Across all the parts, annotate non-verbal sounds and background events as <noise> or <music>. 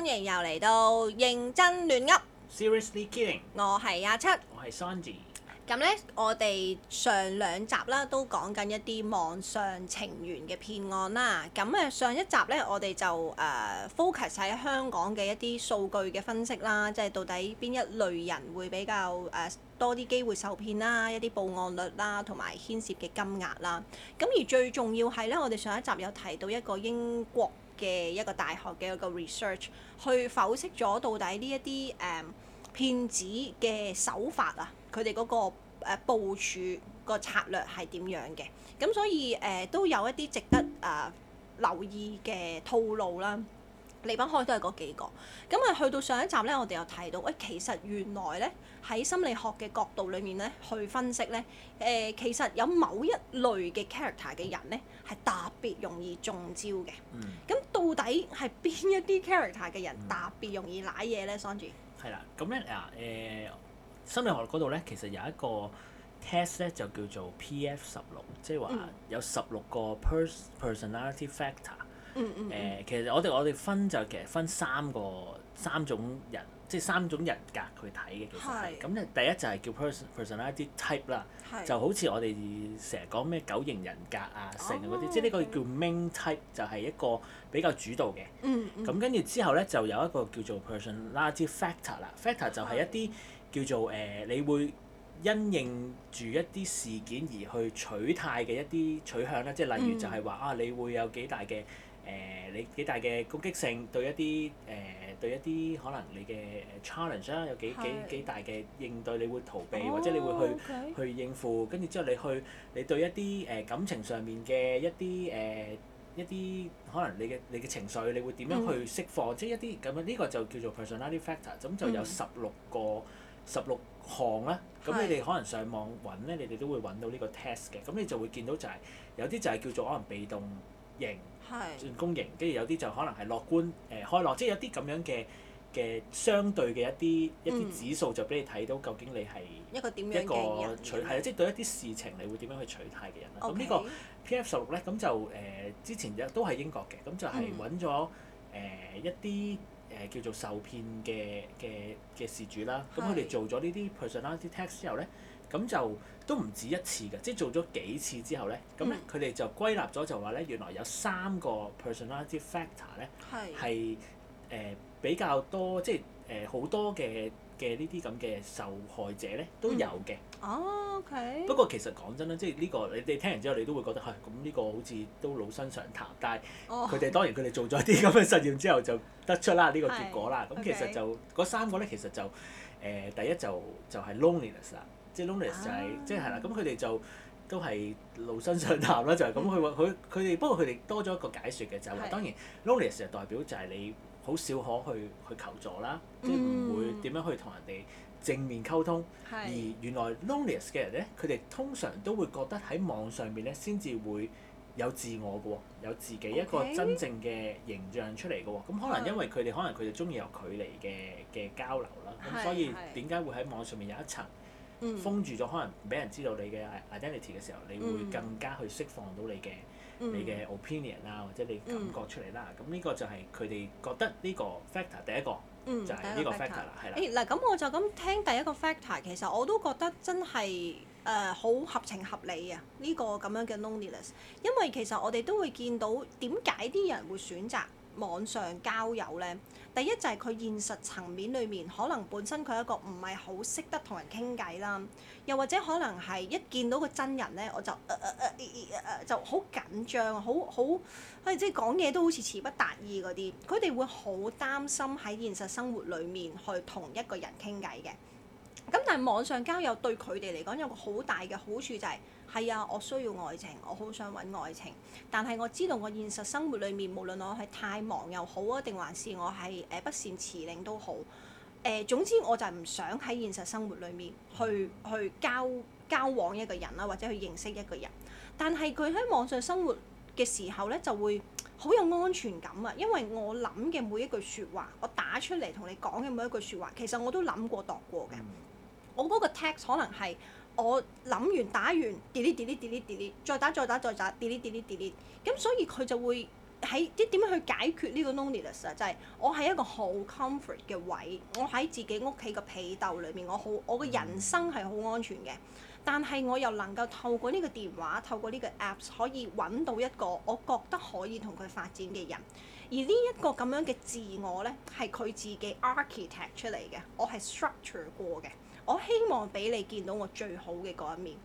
歡迎又嚟到認真亂噏 Seriously Kidding，我係阿七，我係 Sandy。咁呢，我哋上兩集啦，都講緊一啲網上情緣嘅騙案啦。咁咧，上一集呢，我哋就誒、uh, focus 喺香港嘅一啲數據嘅分析啦，即係到底邊一類人會比較誒、uh, 多啲機會受騙啦，一啲報案率啦，同埋牽涉嘅金額啦。咁而最重要係呢，我哋上一集有提到一個英國嘅一個大學嘅一個 research 去剖析咗到底呢一啲誒騙子嘅手法啊，佢哋嗰個、呃、部署個策略係點樣嘅，咁，所以誒、呃、都有一啲值得啊、呃、留意嘅套路啦。離不開都係嗰幾個，咁啊去到上一集呢，我哋又睇到，喂、哎，其實原來呢，喺心理學嘅角度裏面呢，去分析呢，誒、呃，其實有某一類嘅 character 嘅人呢，係特別容易中招嘅。咁、嗯、到底係邊一啲 character 嘅人特別容易舐嘢呢？Sandy，係啦，咁呢，嗱誒、嗯主呃，心理學嗰度呢，其實有一個 test 呢，就叫做 P.F. 十六，即係話有十六個 personality factor。誒、嗯嗯呃，其實我哋我哋分就其實分三個、三種人，即係三種人格去睇嘅。其實係咁，是第一就係叫 person，personality type 啦，是就好似我哋成日講咩九型人格啊、性嗰啲，oh, 即係呢個叫 main type，就係一個比較主導嘅。咁跟住之後咧，就有一個叫做 personality factor 啦。嗯嗯、factor 就係一啲叫做誒、呃，你會因應住一啲事件而去取態嘅一啲取向啦。即係例如就係話、嗯、啊，你會有幾大嘅？誒、呃、你幾大嘅攻擊性對一啲誒、呃、對一啲可能你嘅 challenge 啦、啊，有幾幾的幾大嘅應對，你會逃避、oh, 或者你會去 okay. 去應付，跟住之後你去你對一啲誒、呃、感情上面嘅一啲誒、呃、一啲可能你嘅你嘅情緒，你會點樣去釋放？即係、嗯、一啲咁樣呢個就叫做 personality factor、嗯。咁就有十六個十六項啦、啊。咁、嗯、你哋可能上網揾咧，你哋都會揾到呢個 test 嘅。咁你就會見到就係、是、有啲就係叫做可能被動型。進攻型，跟住是有啲就可能係樂觀誒、呃、開朗，即係有啲咁樣嘅嘅相對嘅一啲、嗯、一啲指數就俾你睇到究竟你係一個點樣嘅人，一個取係啊，的即係對一啲事情你會點樣去取態嘅人啦。咁 Okay, 呢個 P.F. 十六咧，咁就誒、呃、之前亦都係英國嘅，咁就係揾咗誒一啲誒、呃、叫做受騙嘅嘅嘅事主啦。咁佢哋做咗呢啲 personality test 之後咧。咁就都唔止一次嘅，即係做咗幾次之後咧，咁咧佢哋就歸納咗就話咧，原來有三個 personality factor 咧，係誒是、呃、比較多，即係誒好多嘅嘅呢啲咁嘅受害者咧都有嘅。嗯 oh, OK。不過其實講真啦，即係呢、這個你哋聽完之後你都會覺得嚇，咁、哎、呢個好似都老生常談，但係佢哋當然佢哋做咗啲咁嘅實驗之後就得出啦呢個結果啦。咁、okay。其實就嗰三個咧，其實就誒、呃、第一就是、就係、是、loneliness 啦。即係 lonely 就係、是啊、即係係啦，咁佢哋就都係老生常談啦，就係咁佢話佢佢哋不過佢哋多咗一個解説嘅就係話，嗯、當然 lonely 就代表就係你好少可去去求助啦，即係唔會點樣去同人哋正面溝通。嗯、而原來 lonely 嘅人咧，佢哋通常都會覺得喺網上面咧先至會有自我嘅喎，有自己一個真正嘅形象出嚟嘅喎。咁 Okay? 可能因為佢哋、嗯、可能佢哋中意有距離嘅嘅交流啦，咁、嗯、是所以點解會喺網上面有一層？嗯、封住咗，可能俾人知道你嘅 identity 嘅時候，你會更加去釋放到你嘅、嗯、你嘅 opinion 啦，或者你感覺出嚟啦。咁呢、嗯、個就係佢哋覺得呢個 factor 第一個，嗯、就係呢個 factor 啦，係啦、哎。嗱，咁我就咁聽第一個 factor，其實我都覺得真係誒好合情合理啊！呢、呢個咁樣嘅 loneliness，因為其實我哋都會見到點解啲人會選擇。網上交友咧，第一就係佢現實層面裏面，可能本身佢一個唔係好識得同人傾偈啦，又或者可能係一見到個真人咧，我就誒誒誒誒就好緊張，好好，佢即係講嘢都好似詞不達意嗰啲。佢哋會好擔心喺現實生活裏面去同一個人傾偈嘅。咁但係網上交友對佢哋嚟講有個好大嘅好處就係、是。係啊，我需要愛情，我好想揾愛情。但係我知道我現實生活裡面，無論我係太忙又好啊，定還是我係誒不善辭令都好。誒、呃，總之我就係唔想喺現實生活裡面去去交交往一個人啦，或者去認識一個人。但係佢喺網上生活嘅時候呢，就會好有安全感啊。因為我諗嘅每一句説話，我打出嚟同你講嘅每一句説話，其實我都諗過度過嘅。我嗰個 text 可能係。我諗完打完，delete delete delete delete，再打再打再打，delete delete delete。咁所以佢就會喺啲點樣去解決呢個 non-ness 啊？就係我係一個好 comfort 嘅位，我喺自己屋企個被竇裏面，我好我嘅人生係好安全嘅。但係我又能夠透過呢個電話，透過呢個 apps 可以揾到一個我覺得可以同佢發展嘅人。而呢一個咁樣嘅自我呢，係佢自己 architect 出嚟嘅，我係 structure 過嘅。我希望俾你見到我最好嘅嗰一面，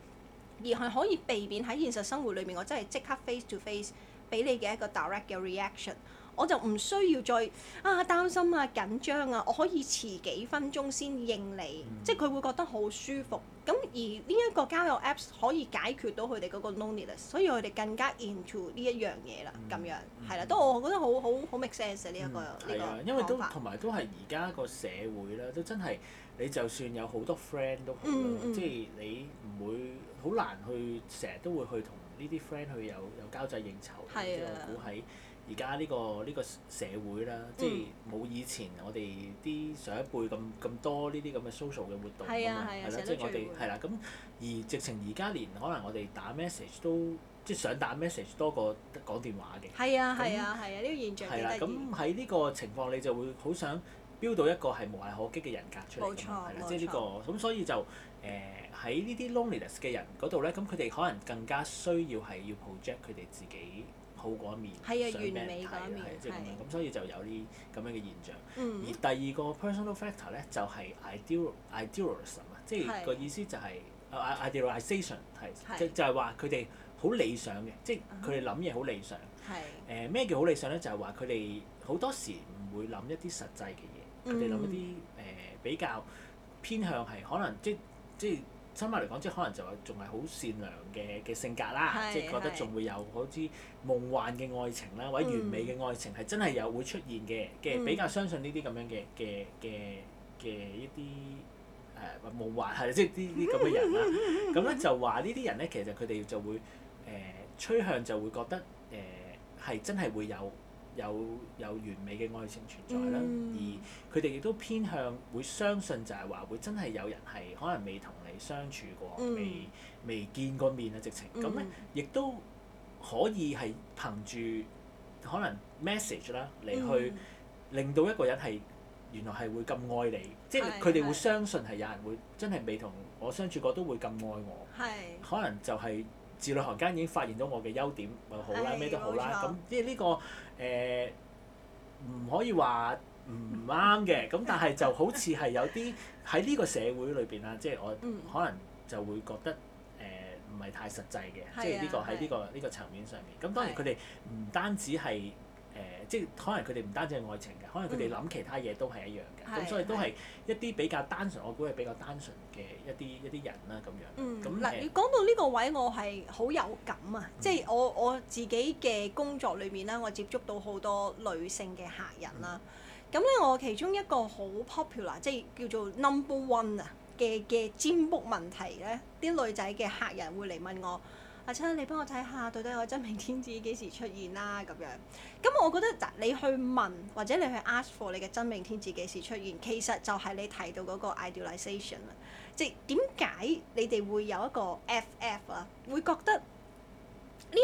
而係可以避免喺現實生活裏面，我真係即刻 face to face 俾你嘅一個 direct 嘅 reaction。我就唔需要再啊擔心啊緊張啊，我可以遲幾分鐘先應你，嗯、即係佢會覺得好舒服。咁而呢一個交友 Apps 可以解決到佢哋嗰個 loneliness，所以佢哋更加 into 呢一、嗯、樣嘢啦。咁樣係啦，都我覺得好好好 make sense 呢一個呢個方法。係啊，因為都同埋都係而家個社會啦，都真係你就算有好多 friend 都好啦，嗯嗯、即係你唔會好難去成日都會去同呢啲 friend 去有有交際應酬，然之後估喺。而家呢個呢、呢個社會啦，嗯、即係冇以前我哋啲上一輩咁咁多呢啲咁嘅 social 嘅活動㗎嘛，係啦、啊，啊啊、即係我哋係啦咁。而直情而家連可能我哋打 message 都即係想打 message 多過講電話嘅。係啊係啊係啊！呢那、啊啊呢個現象真係。係啦、啊，咁喺呢個情況你就會好想標到一個係無懈可擊嘅人格出嚟㗎嘛，係啦，即係呢、呢個咁所以就誒喺、呃、呢啲 loneliness 嘅人嗰度咧，咁佢哋可能更加需要係要 project 佢哋自己。好過一面，啊、想 man 完美一面，即係咁樣，咁是所以就有呢咁樣嘅現象。嗯、而第二個 personal factor 咧，就係、是、ide ideal idealism 啊，即係個意思就係、是、啊是、uh, idealization 係是就就係話佢哋好理想嘅，即係佢哋諗嘢好理想，係誒，咩叫好理想咧？就係話佢哋好多時唔會諗一啲實際嘅嘢，佢哋諗一啲誒、嗯呃、比較偏向係可能即即。即即身份嚟講，即係可能就係仲係好善良嘅嘅性格啦，是即係覺得仲會有好似夢幻嘅愛情啦，或者完美嘅愛情係、嗯、真係有會出現嘅嘅，比較相信呢啲咁樣嘅嘅嘅嘅一啲誒、呃、夢幻係即係、啊、 <laughs> 呢啲咁嘅人啦。咁咧就話呢啲人咧，其實佢哋就會誒、呃、趨向就會覺得誒係、呃、真係會有。有有完美嘅愛情存在啦，嗯、而佢哋亦都偏向會相信就係話會真係有人係可能未同你相處過，嗯、未未見過面啊直情，咁咧亦都可以係憑住可能 message 啦嚟、嗯、去令到一個人係原來係會咁愛你，嗯、即係佢哋會相信係有人會真係未同我相處過都會咁愛我，嗯嗯、可能就係、是。字裡行間已經發現咗我嘅優點，咪好啦，咩都好啦。咁即係呢個誒，唔可以話唔啱嘅。咁 <laughs> 但係就好似係有啲喺呢個社會裏邊啦，即係我可能就會覺得誒唔係太實際嘅。 <music> 即係呢個喺呢、呢個呢 <music> 個層面上面。咁當然佢哋唔單止係。即係可能佢哋唔單止係愛情嘅，可能佢哋諗其他嘢都係一樣嘅，咁、嗯、所以都係一啲比較單純，我估係比較單純嘅一啲一啲人啦咁樣。嗯，嗱那，你講到呢個位，我係好有感啊！即係、嗯、我我自己嘅工作裏面啦，我接觸到好多女性嘅客人啦。咁咧、嗯，我其中一個好 popular，即係叫做 number one 啊嘅嘅占卜問題咧，啲女仔嘅客人會嚟問我。阿七，你幫我睇下到底我真命天子幾時出現啦、啊？咁樣，咁、嗯、我覺得，你去問或者你去 ask for 你嘅真命天子幾時出現，其實就係你提到嗰個 idealization 啦，即係點解你哋會有一個 FF 啊，會覺得呢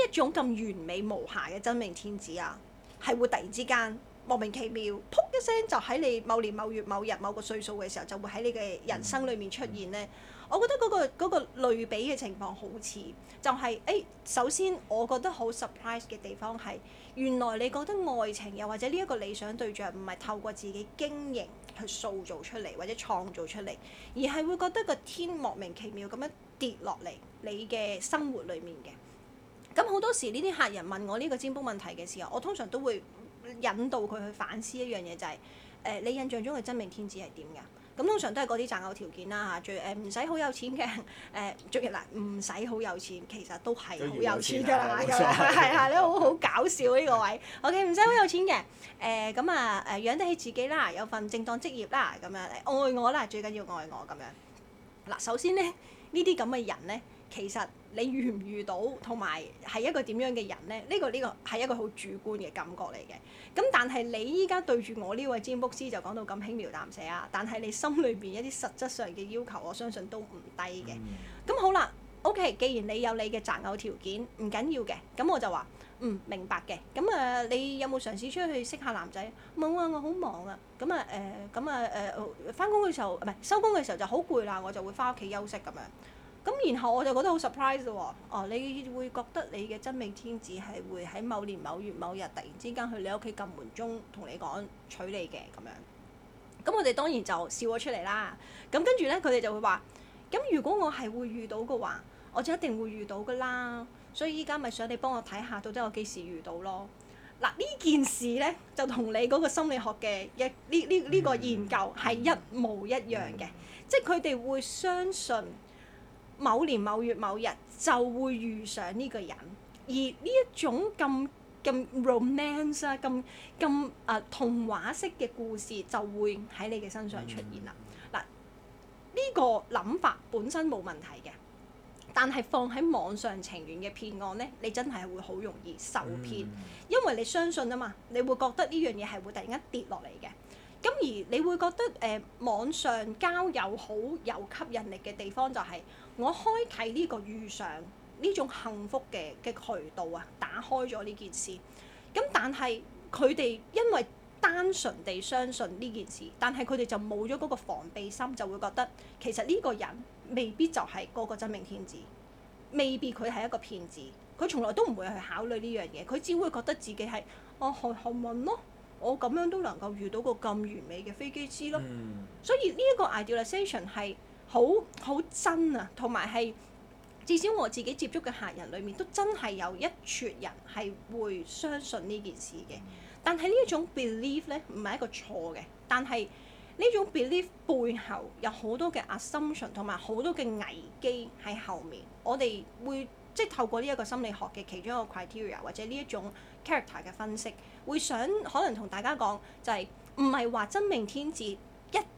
一種咁完美無瑕嘅真命天子啊，係會突然之間莫名其妙，噗一聲就喺你某年某月某日某個歲數嘅時候，就會喺你嘅人生裡面出現呢。我覺得嗰、那個嗰、那個、類比嘅情況好似，就係、是、誒、哎。首先，我覺得好 surprise 嘅地方係，原來你覺得愛情又或者呢一個理想對象唔係透過自己經營去塑造出嚟或者創造出嚟，而係會覺得個天莫名其妙咁樣跌落嚟你嘅生活裡面嘅。咁好多時呢啲客人問我呢個占卜問題嘅時候，我通常都會引導佢去反思一樣嘢，就係、是、誒、呃、你印象中嘅真命天子係點㗎？咁通常都係嗰啲擇偶條件啦嚇，最誒唔使好有錢嘅誒，最嗱唔使好有錢，其實都係好有錢㗎啦，係係你好好搞笑呢、啊、 <laughs> 個位，OK 唔使好有錢嘅誒咁啊誒，養得起自己啦，有份正當職業啦，咁樣愛我啦，最緊要愛我咁樣。嗱，首先咧呢啲咁嘅人咧，其實。你遇唔遇到，同埋係一個點樣嘅人咧？呢、這個呢、這個係一個好主觀嘅感覺嚟嘅。咁但係你依家對住我呢位占卜師就講到咁輕描淡寫啊，但係你心裏邊一啲實質上嘅要求，我相信都唔低嘅。咁、嗯、好啦，OK，既然你有你嘅擇偶條件，唔緊要嘅。咁我就話，嗯，明白嘅。咁啊、呃，你有冇嘗試出去識下男仔？冇、嗯、啊，我好忙啊。咁啊誒，咁啊誒，翻工嘅時候唔係收工嘅時候就好攰啦，我就會翻屋企休息咁樣。咁然後我就覺得好 surprise 喎！哦，你會覺得你嘅真命天子係會喺某年某月某日突然之間去你屋企撳門鐘，同你講娶你嘅咁樣。咁、嗯、我哋當然就笑咗出嚟啦。咁跟住咧，佢哋就會話：咁如果我係會遇到嘅話，我就一定會遇到噶啦。所以依家咪想你幫我睇下，到底我幾時遇到咯？嗱，呢件事咧就同你嗰個心理學嘅一呢呢呢個研究係一模一樣嘅，即係佢哋會相信。某年某月某日就會遇上呢個人，而呢一種咁咁 romance 啊，咁咁啊童話式嘅故事就會喺你嘅身上出現啦。嗱、嗯，呢、呢個諗法本身冇問題嘅，但係放喺網上情緣嘅騙案呢，你真係會好容易受騙，嗯、因為你相信啊嘛，你會覺得呢樣嘢係會突然間跌落嚟嘅。咁而你會覺得誒、呃、網上交友好有吸引力嘅地方就係、係。我開啟呢個遇上呢種幸福嘅嘅渠道啊，打開咗呢件事。咁、嗯、但係佢哋因為單純地相信呢件事，但係佢哋就冇咗嗰個防備心，就會覺得其實呢個人未必就係個個真命天子，未必佢係一個騙子。佢從來都唔會去考慮呢樣嘢，佢只會覺得自己係我幸幸運咯，我咁樣都能夠遇到個咁完美嘅飛機師咯。所以呢一個 idealization 係。好好真啊，同埋係至少我自己接觸嘅客人裏面，都真係有一撮人係會相信呢件事嘅。但係呢一種 belief 咧，唔係一個錯嘅。但係呢種 belief 背後有好多嘅 assumption，同埋好多嘅危機喺後面。我哋會即係、就是、透過呢一個心理學嘅其中一個 criteria，或者呢一種 character 嘅分析，會想可能同大家講就係唔係話真命天子一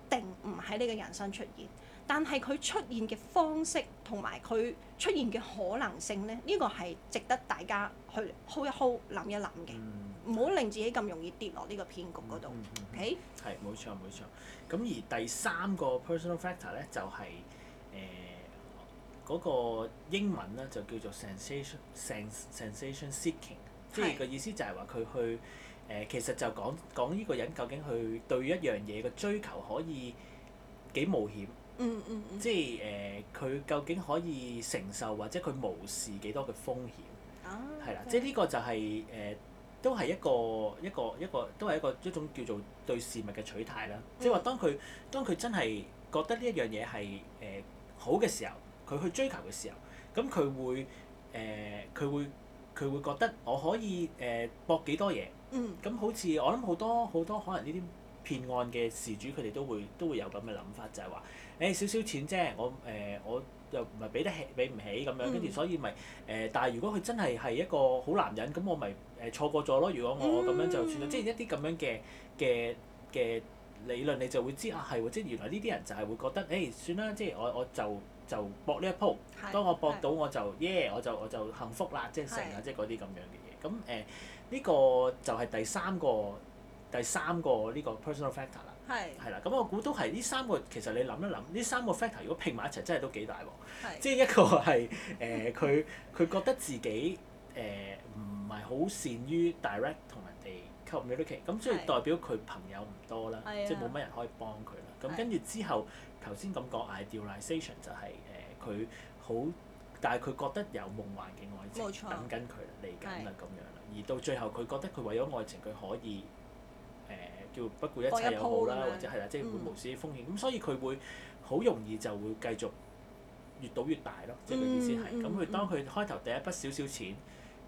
定唔喺你個人生出現。但係佢出現嘅方式同埋佢出現嘅可能性咧，呢、呢個係值得大家去 hold 一 hold 諗一諗嘅，唔好令自己咁容易跌落呢個騙局嗰度。O K？係，冇錯，冇錯。咁而第三個 personal factor 咧就係誒嗰個英文咧就叫做 sensation sens sensation seeking，即係個意思就係話佢去誒、呃、其實就講講呢個人究竟佢對一樣嘢嘅追求可以幾冒險。嗯嗯即係誒，佢、呃、究竟可以承受或者佢無視幾多嘅風險，係啦、啊，的即係呢個就係、是、誒、呃，都係一個一個一個，都係一個一種叫做對事物嘅取態啦。嗯、即係話當佢當佢真係覺得呢一樣嘢係誒好嘅時候，佢去追求嘅時候，咁佢會誒佢、呃、會佢會覺得我可以誒搏、呃、幾多嘢，嗯咁好似我諗好多好多，好多可能呢啲，騙案嘅事主，佢哋都會都會有咁嘅諗法，就係話，誒少少錢啫，我誒我又唔係俾得起，俾唔起咁樣，跟住所以咪誒。但係如果佢真係係一個好男人，咁我咪誒錯過咗咯。如果我咁樣就算啦，即係一啲咁樣嘅嘅嘅理論，你就會知啊係喎，即係原來呢啲人就係會覺得，誒算啦，即係我我就就搏呢一鋪。當我搏到我就耶，我就我就幸福啦，即係成日即係嗰啲咁樣嘅嘢。咁誒呢個就係第三個。第三個呢個 personal factor 啦，係啦，咁、嗯、我估都係呢三個。其實你諗一諗，呢三個 factor 如果拼埋一齊，啊，真係都幾大喎。即係一個係誒，佢、呃、佢 <laughs> 覺得自己誒唔係好善於 direct 同人哋溝通呢啲嘅，咁、嗯、所以代表佢朋友唔多啦，的即係冇乜人可以幫佢啦。咁跟住之後頭先咁講 idealization 就係、是、誒，佢、呃、好但係佢覺得有夢幻嘅愛情錯等緊佢嚟緊啦咁樣啦，而到最後佢覺得佢為咗愛情佢可以。叫不顧一切又好啦，或者係啦，即係會無視風險，咁所以佢會好容易就會繼續越賭越大咯，即係佢意思係，咁佢當佢開頭第一筆少少錢，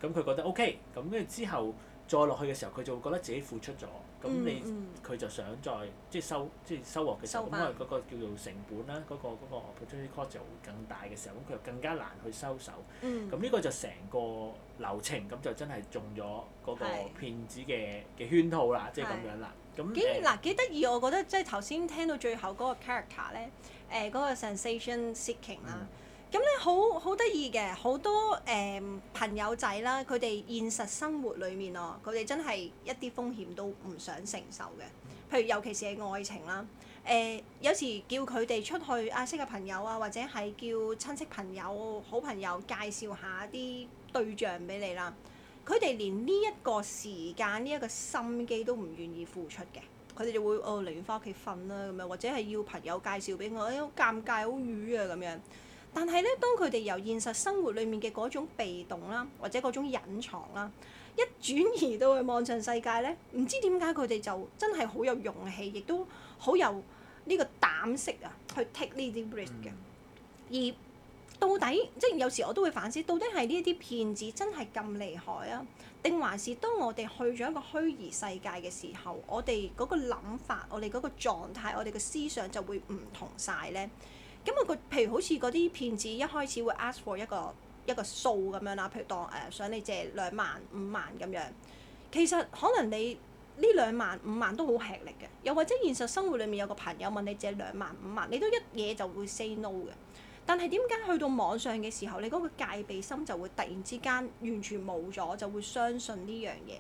咁佢覺得 OK，咁跟住之後再落去嘅時候，佢就會覺得自己付出咗，咁你佢就想再即係收即係收穫嘅時候，因為嗰個叫做成本啦，個個嗰個 opportunity cost 就會更大嘅時候，咁佢就更加難去收手。咁呢個就成個流程，咁就真係中咗嗰個騙子嘅嘅圈套啦，即係咁樣啦。幾嗱幾得意，我覺得即係頭先聽到最後嗰個 character 咧，誒、呃、嗰、那個 sensation seeking 啦、嗯，咁咧好好得意嘅，好，好多誒、呃、朋友仔啦，佢哋現實生活裏面哦，佢哋真係一啲風險都唔想承受嘅，譬如尤其是係愛情啦，誒、呃、有時叫佢哋出去啊識嘅朋友啊，或者係叫親戚朋友好朋友介紹下啲對象俾你啦。佢哋連呢一個時間、呢、這、一個心機都唔願意付出嘅，佢哋就會哦寧願返屋企瞓啦咁樣，或者係要朋友介紹俾我，好、哎、尷尬、好瘀啊咁樣。但係咧，當佢哋由現實生活裡面嘅嗰種被動啦，或者嗰種隱藏啦，一轉移到去網上世界咧，唔知點解佢哋就真係好有勇氣，亦都好有呢個膽識啊，去 take 呢啲 risk 嘅而。到底即係有時我都會反思，到底係呢一啲騙子真係咁厲害啊？定還是當我哋去咗一個虛擬世界嘅時候，我哋嗰個諗法、我哋嗰個狀態、我哋嘅思想就會唔同晒咧。咁啊個譬如好似嗰啲騙子一開始會 ask for 一個一個數咁樣啦，譬如當誒、uh, 想你借兩萬五萬咁樣，其實可能你呢兩萬五萬都好吃力嘅。又或者現實生活裏面有個朋友問你借兩萬五萬，你都一嘢就會 say no 嘅。但係點解去到網上嘅時候，你嗰個戒備心就會突然之間完全冇咗，就會相信呢樣嘢，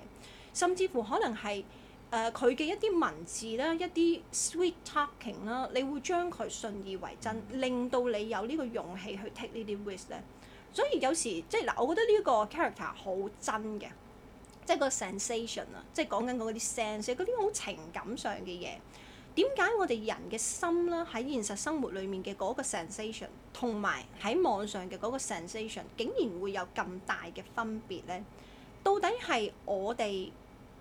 甚至乎可能係誒佢嘅一啲文字啦、一啲 sweet talking 啦，你會將佢信以為真，令到你有呢個勇氣去 take 呢啲 risk 咧。所以有時即係嗱，我覺得呢個 character 好真嘅，即係個 sensation 啊，即係講緊嗰啲 sense 嗰啲好情感上嘅嘢。點解我哋人嘅心啦，喺現實生活裡面嘅嗰個 sensation，同埋喺網上嘅嗰個 sensation，竟然會有咁大嘅分別呢？到底係我哋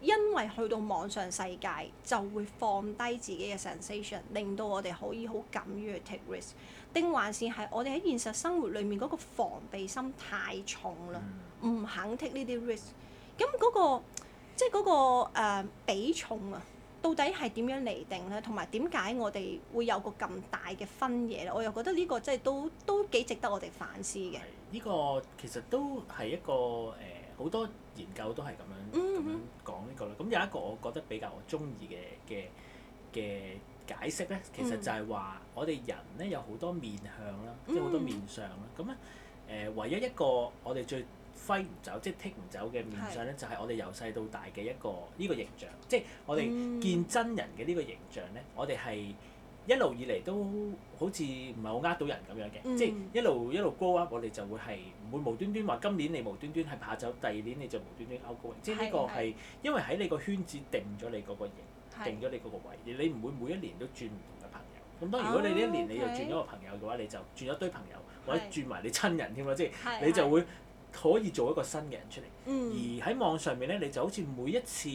因為去到網上世界就會放低自己嘅 sensation，令到我哋可以好敢於 take risk，定還是係我哋喺現實生活裏面嗰個防備心太重啦，唔肯 take 呢啲 risk？咁嗰、嗰個即係嗰個、呃、比重啊！到底係點樣嚟定咧？同埋點解我哋會有個咁大嘅分野咧？我又覺得呢個真係都都幾值得我哋反思嘅。呢、呢個其實都係一個誒，好、呃、多研究都係咁樣咁樣講呢、呢個啦。咁、嗯、哼有一個我覺得比較中意嘅嘅嘅解釋咧，其實就係話我哋人咧有好多面向啦，即係好多面上啦。咁咧誒，唯一一個我哋最揮唔走，即係剔唔走嘅面相咧，是就係我哋由細到大嘅一個呢、這個形象，即係我哋見真人嘅呢個形象咧，嗯、我哋係一、嗯、一路以嚟都好似唔係好呃到人咁樣嘅，即係一路一路 grow up 我哋就會係唔會無端端話今年你無端端係怕走，第二年你就無端端 out grow 即係呢個係因為喺你個圈子定咗你嗰個形，是是定咗你嗰個位，你唔會每一年都轉唔同嘅朋友。咁當然如果你呢一年你又轉咗個朋友嘅話，你就轉一堆朋友，是是或者轉埋你親人添啦，即係你就會。是是可以做一個新嘅人出嚟，而喺網上面呢，你就好似每一次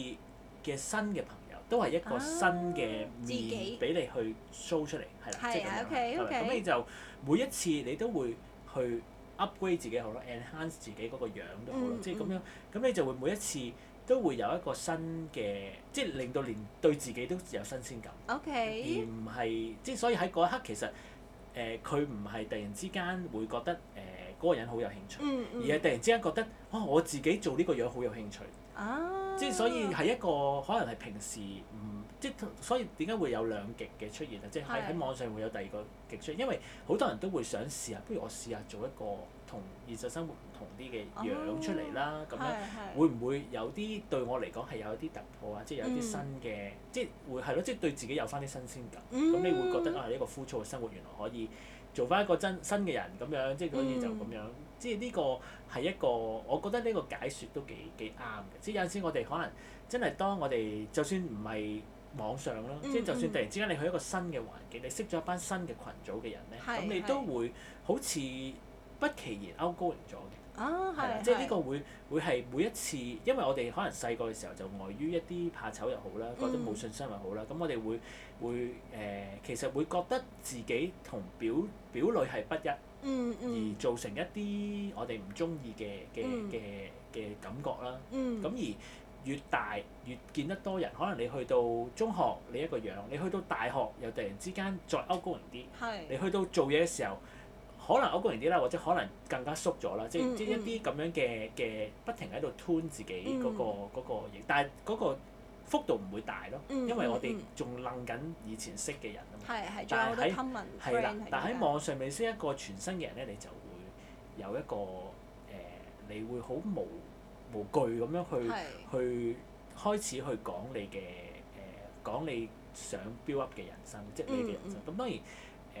嘅新嘅朋友都係一個新嘅面俾你去 show 出嚟，係啦，即係咁樣。咁你就每一次你都會去 upgrade 自己好咯，enhance 自己嗰個樣都好咯，即係咁樣。咁你就會每一次都會有一個新嘅，即係令到連對自己都有新鮮感。OK，而唔係即係所以喺嗰一刻其實誒佢唔係突然之間會覺得誒。嗰個人好有興趣，嗯嗯、而係突然之間覺得，啊、哦、我自己做呢個樣好有興趣。啊！之所以係一個可能係平時唔、嗯、即係，所以點解會有兩極嘅出現啊？即係喺喺網上會有第二個極出現，因為好多人都會想試下，不如我試下做一個同現實生活唔同啲嘅樣出嚟啦。咁、啊、樣會唔會有啲對我嚟講係有一啲突破啊？即係有啲新嘅，嗯、即係會係咯，即係對自己有返啲新鮮感。咁、嗯嗯、你會覺得啊，呢、呢個枯燥嘅生活原來可以～做翻一個真新嘅人咁樣，即係所以就咁、是、樣。嗯、即係呢個係一個，我覺得呢個解説都幾幾啱嘅。即係有陣時我哋可能真係當我哋就算唔係網上咯，嗯、即係就算突然之間你去一個新嘅環境，你識咗一班新嘅群組嘅人咧，咁是你都會好似不其然勾高連咗嘅。啊，係啦，即係呢個會會係每一次，因為我哋可能細個嘅時候就礙、呃、於一啲怕醜又好啦，覺得冇信心又好啦，咁、嗯、我哋會會誒、呃，其實會覺得自己同表表裏係不一，嗯嗯、而造成一啲我哋唔中意嘅嘅嘅嘅感覺啦。咁、嗯、而越大越見得多人，可能你去到中學你一個樣，你去到大學又突然之間再勾高人啲，係，你去到做嘢嘅時候。可能歐高完啲啦，或者可能更加縮咗啦，即即一啲咁樣嘅嘅不停喺度 tune 自己嗰個嗰個嘢，但係嗰個幅度唔會大咯，因為我哋仲愣緊以前識嘅人啊嘛。但係，仲有啲 common friend 啦，但喺網上面識一個全新嘅人咧，你就會有一個誒，你會好無無懼咁樣去去開始去講你嘅誒，講你想 build up 嘅人生，即係你嘅人生。咁當然。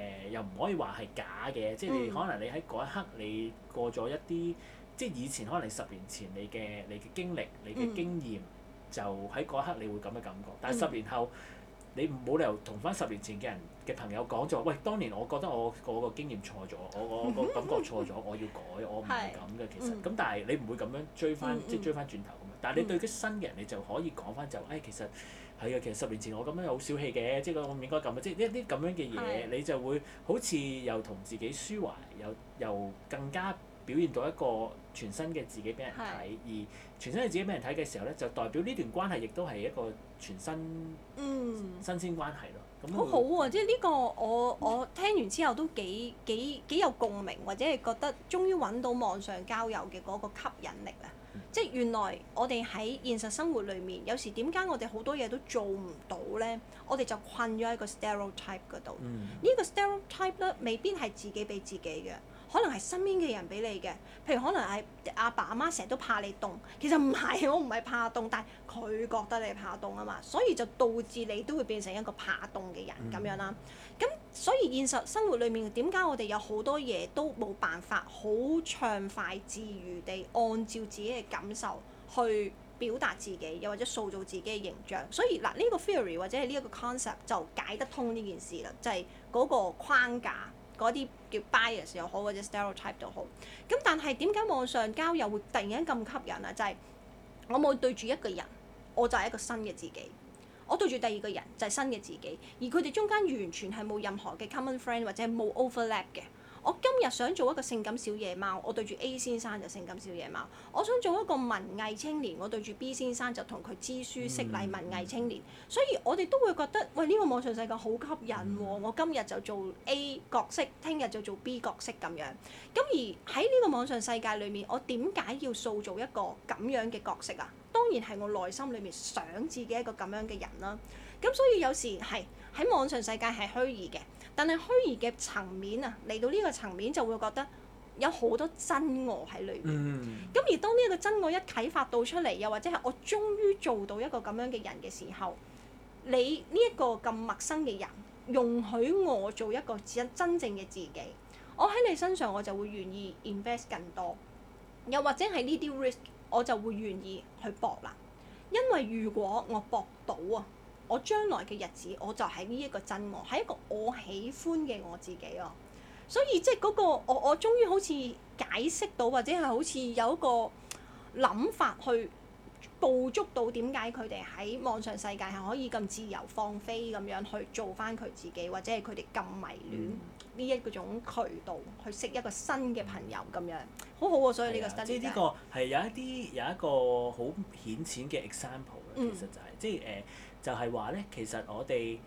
誒、呃、又唔可以話係假嘅，即係你可能你喺嗰一刻你過咗一啲，嗯、即係以前可能你十年前你嘅你嘅經歷、你嘅經驗，嗯、就喺嗰一刻你會咁嘅感覺。但係十年後，嗯、你唔好理由同翻十年前嘅人嘅朋友講咗，喂，當年我覺得我個個經驗錯咗，我我個感覺錯咗，嗯、我要改，我唔係咁嘅其實。咁、嗯、但係你唔會咁樣追翻，嗯、即係追翻轉頭。但係你對啲新嘅人，你就可以講翻就誒、哎，其實係啊，其實十年前我咁樣好小氣嘅，即係我唔應該咁啊，即係一啲咁樣嘅嘢，是的 你就會好似又同自己抒懷，又又更加表現到一個全新嘅自己俾人睇，是的 而全新嘅自己俾人睇嘅時候咧，就代表呢段關係亦都係一個全新、嗯、新鮮關係咯。好好、啊、喎，即係呢個我我聽完之後都幾幾幾有共鳴，或者係覺得終於揾到網上交友嘅嗰個吸引力啦。即係原來我哋喺現實生活裏面，有時點解我哋好多嘢都做唔到咧？我哋就困咗喺個 stereotype 度。嗯、個 st 呢個 stereotype 咧，未必係自己俾自己嘅。可能係身邊嘅人俾你嘅，譬如可能係阿爸阿媽成日都怕你凍，其實唔係，我唔係怕凍，但係佢覺得你怕凍啊嘛，所以就導致你都會變成一個怕凍嘅人咁、嗯、樣啦、啊。咁所以現實生活裏面點解我哋有好多嘢都冇辦法好暢快自如地按照自己嘅感受去表達自己，又或者塑造自己嘅形象？所以嗱，呢、這個 theory 或者係呢一個 concept 就解得通呢件事啦，就係、是、嗰個框架。嗰啲叫 bias 又好，或者 stereotype 都好。咁但係點解網上交友會突然間咁吸引啊？就係我冇對住一個人，我就係一個新嘅自己；我對住第二個人就係新嘅自己，而佢哋中間完全係冇任何嘅 common friend 或者冇 overlap 嘅。我今日想做一個性感小野貓，我對住 A 先生就性感小野貓；我想做一個文藝青年，我對住 B 先生就同佢知書識禮文藝青年。所以我哋都會覺得，喂呢個網上世界好吸引喎！我今日就做 A 角色，聽日就做 B 角色咁樣。咁而喺呢個網上世界裏面，我點解要塑造一個咁樣嘅角色啊？當然係我內心裡面想自己一個咁樣嘅人啦。咁所以有時係喺網上世界係虛擬嘅。但係虛擬嘅層面啊，嚟到呢個層面就會覺得有好多真我喺裏面。咁、嗯、而當呢一個真我一啟發到出嚟，又或者係我終於做到一個咁樣嘅人嘅時候，你呢一個咁陌生嘅人容許我做一個真真正嘅自己，我喺你身上我就會願意 invest 更多，又或者係呢啲 risk 我就會願意去搏啦。因為如果我搏到啊～我將來嘅日子，我就喺呢一個真我，喺一個我喜歡嘅我自己咯、啊。所以即係嗰、那個我，我終於好似解釋到，或者係好似有一個諗法去捕捉到點解佢哋喺網上世界係可以咁自由放飛咁樣去做翻佢自己，或者係佢哋咁迷戀呢、嗯、一個種渠道去識一個新嘅朋友咁樣，好好、啊、喎。所以呢個，、啊這個，即係呢個係有一啲有一個好顯淺嘅 example 其實就係、是嗯、即係誒。呃就係話咧，其實我哋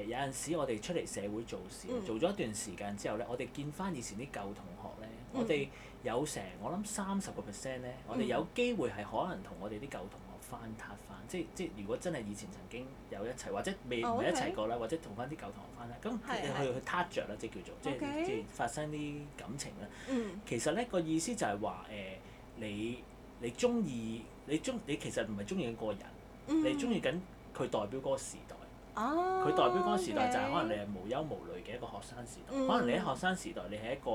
誒有陣時，我哋出嚟社會做事，做咗一段時間之後咧，我哋見翻以前啲舊同學咧，我哋有成我諗三十個 percent 咧，我哋有機會係可能同我哋啲舊同學翻撻翻，即即如果真係以前曾經有一齊或者未唔係一齊過啦，或者同翻啲舊同學翻咧，咁去去撻着啦，即叫做即即發生啲感情啦。其實咧個意思就係話誒，你你中意你中你其實唔係中意緊個人，你中意緊。佢代表嗰個時代，佢、oh, okay. 代表嗰個時代就係可能你係無憂無慮嘅一個學生時代，mm hmm. 可能你喺學生時代你係一個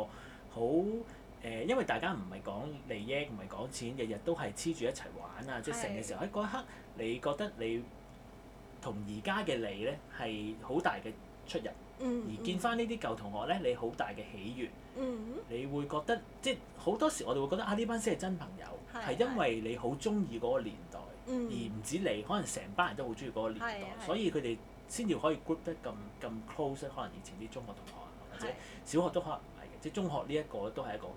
好誒、呃，因為大家唔係講利益，唔係講錢，日日都係黐住一齊玩啊！Mm hmm. 即係成個時候喺嗰一刻，你覺得你同而家嘅你咧係好大嘅出入，mm hmm. 而見翻呢啲舊同學咧，你好大嘅喜悅，mm hmm. 你會覺得即係好多時我哋會覺得啊呢班先係真朋友，係、mm hmm. 因為你好中意嗰個年代。Mm hmm. mm hmm. 而唔止你，可能成班人都好中意嗰個年代，是是所以佢哋先至可以 group 得咁咁 close。Cl ose, 可能以前啲中學同學或者小學都可能唔係嘅，即係中學呢一個都係一個好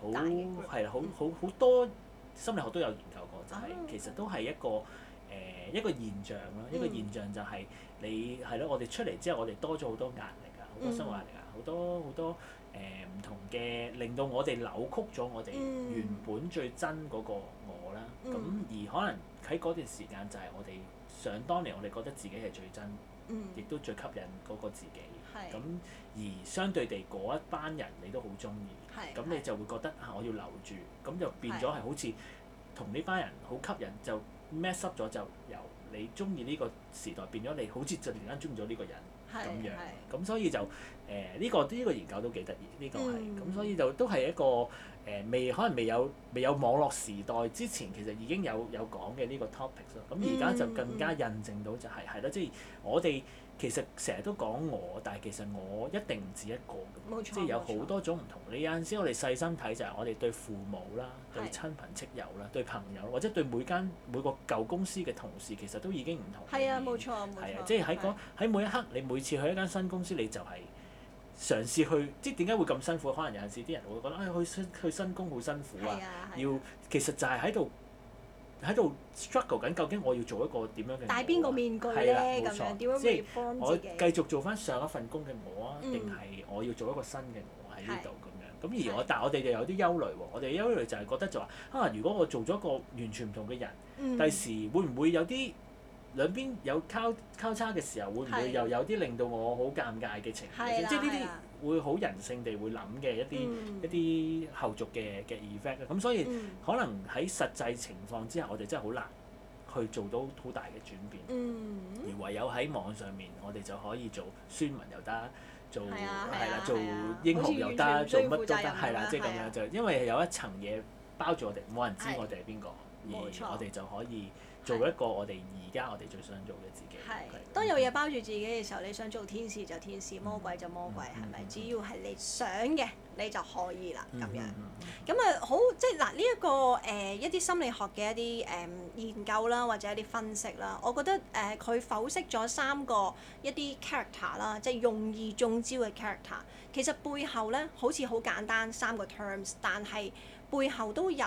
好係好好好多心理學都有研究過，就係、是嗯、其實都係一個誒、呃、一個現象咯。一個現象就係你係咯，我哋出嚟之後，我哋多咗好多壓力啊，好多生活壓力啊，好、嗯、多好多誒唔、呃、同嘅令到我哋扭曲咗我哋原本最真嗰個我啦。咁而可能。喺嗰段時間就係、是、我哋想當年我哋覺得自己係最真，亦、嗯、都最吸引嗰個自己。咁是而相對地嗰一班人你都好中意，咁是你就會覺得是啊，我要留住，咁就變咗係好似同呢班人好吸引，就 match up 咗就由你中意呢個時代變咗你好似突然間中意咗呢個人。咁樣，咁是的 所以就誒呢、呃呢個呢、呢個研究都幾得意，呢、呢個係，咁、嗯、所以就都係一個誒、呃、未可能未有未有網絡時代之前，其實已經有有講嘅呢個 topic 咯、啊，咁而家就更加印證到就係係啦，即係、嗯就係、我哋。其實成日都講我，但係其實我一定唔止一個，啊、即係有好多種唔同。你、啊、有陣時我哋細心睇就係我哋對父母啦，啊、對親朋戚友啦，對朋友，或者對每間每個舊公司嘅同事，其實都已經唔同。係啊，冇錯，冇錯，係啊，啊啊即係喺嗰喺每一刻，你每次去一間新公司，你就係嘗試去，即係點解會咁辛苦？可能有陣時啲人會覺得，唉、哎，去新去新工好辛苦啊，啊要其實就係喺度。喺度 struggle 緊究竟我要做一個點樣嘅我戴邊個面具咧？咁樣點樣可以幫自己？我繼續做翻上一份工嘅我啊，定係、嗯、我要做一個新嘅我喺呢度咁樣。咁而我，但係我哋就有啲憂慮，我哋憂慮就係覺得就話可能如果我做咗一個完全唔同嘅人，第時、嗯、會唔會有啲兩邊有交交叉嘅時候，會唔會又有啲令到我好尷尬嘅情況？即係呢啲。會好人性地會諗嘅一啲、嗯、一啲後續嘅嘅 effect 咁，所以、嗯、可能喺實際情況之下，我哋真係好難去做到好大嘅轉變。嗯，而唯有喺網上面，我哋就可以做宣文又得，做係啦，啊啊啊啊、做英雄又得，做乜都得，係啦、啊，即係咁樣、啊、就，因為有一層嘢包住我哋，冇人知我哋係邊個，啊、錯而我哋就可以做一個我哋而家我哋最想做嘅自己。係，當有嘢包住自己嘅時候，你想做天使就天使，魔鬼就魔鬼，係咪、嗯？係係只要係你想嘅，你就可以啦，咁樣。咁啊，好，即係嗱，呢、呃、一個誒一啲心理學嘅一啲誒、呃、研究啦，或者一啲分析啦，我覺得誒佢剖析咗三個一啲 character 啦，即係容易中招嘅 character。其實背後咧好似好簡單三個 terms，但係背後都有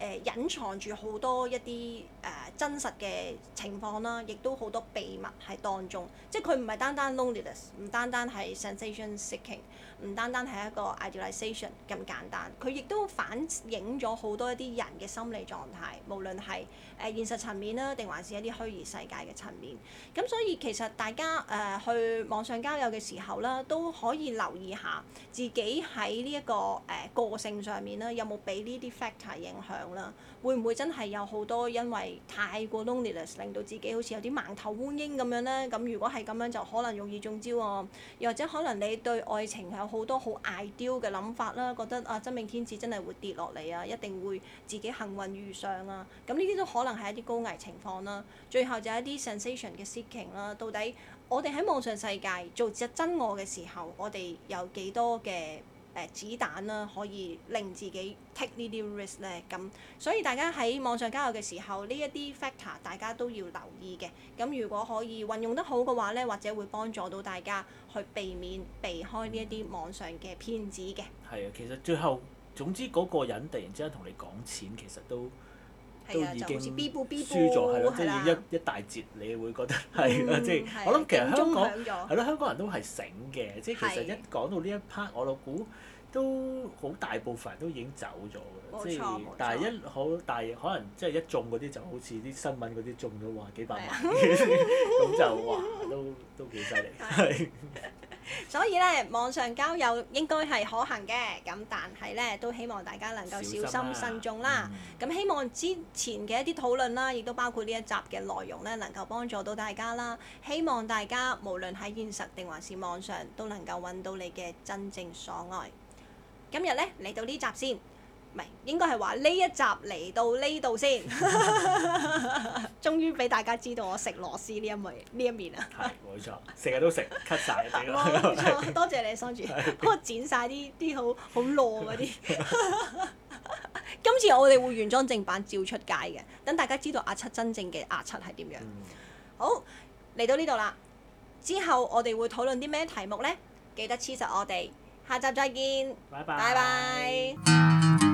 誒隱、呃、藏住好多一啲誒。呃真實嘅情況啦，亦都好多秘密喺當中，即係佢唔係單單 loneliness，唔單，單單係 sensation seeking。唔單單係一個 idealization 咁簡單，佢亦都反映咗好多一啲人嘅心理狀態，無論係誒現實層面啦，定還是一啲虛擬世界嘅層面。咁所以其實大家誒、呃、去網上交友嘅時候啦，都可以留意下自己喺呢一個誒、呃、個性上面啦，有冇俾呢啲 factor 影響啦？會唔會真係有好多因為太過 loneliness 令到自己好似有啲盲頭烏蠅咁樣咧？咁如果係咁樣就可能容易中招啊，哦，又或者可能你對愛情係好多好 ideal 嘅諗法啦，覺得啊真命天子真係會跌落嚟啊，一定會自己幸運遇上啊。咁呢啲都可能係一啲高危情況啦。最後就係一啲 sensation 嘅 seeking 啦。到底我哋喺網上世界做只真我嘅時候，我哋有幾多嘅？子彈啦，可以令自己 take 呢啲 risk 咧，咁，所以大家喺網上交友嘅時候，呢一啲 factor 大家都要留意嘅。咁如果可以運用得好嘅話呢，或者會幫助到大家去避免、避開呢一啲網上嘅騙子嘅。係啊，其實最後總之嗰個人突然之間同你講錢，其實都～都已經輸咗，係咯，即係一一大截，你會覺得係咯，即係我諗其實香港係咯，香港人都係醒嘅，即係其實一講到呢一 part，我就估都好大部分人都已經走咗嘅，即係但係一好但係可能即係一中嗰啲就好似啲新聞嗰啲中咗話幾百萬，咁就哇都都幾犀利，係。所以咧，網上交友應該係可行嘅，咁但係咧，都希望大家能夠小心慎重啦。咁希望之前嘅一啲討論啦，亦都包括呢一集嘅內容咧，能夠幫助到大家啦。希望大家無論喺現實定還是網上，都能夠揾到你嘅真正所愛。今日咧，嚟到呢集先。唔係，應該係話呢一集嚟到呢度先，終於俾大家知道我食螺絲呢一面呢一面啊。係冇錯，成日都食 cut 曬，冇錯，多謝你 Songi，幫我剪晒啲啲好好糯嗰啲。今次我哋會原裝正版照出街嘅，等大家知道阿七真正嘅阿七係點樣。好，嚟到呢度啦，之後我哋會討論啲咩題目呢？記得黐實我哋，下集再見，拜拜。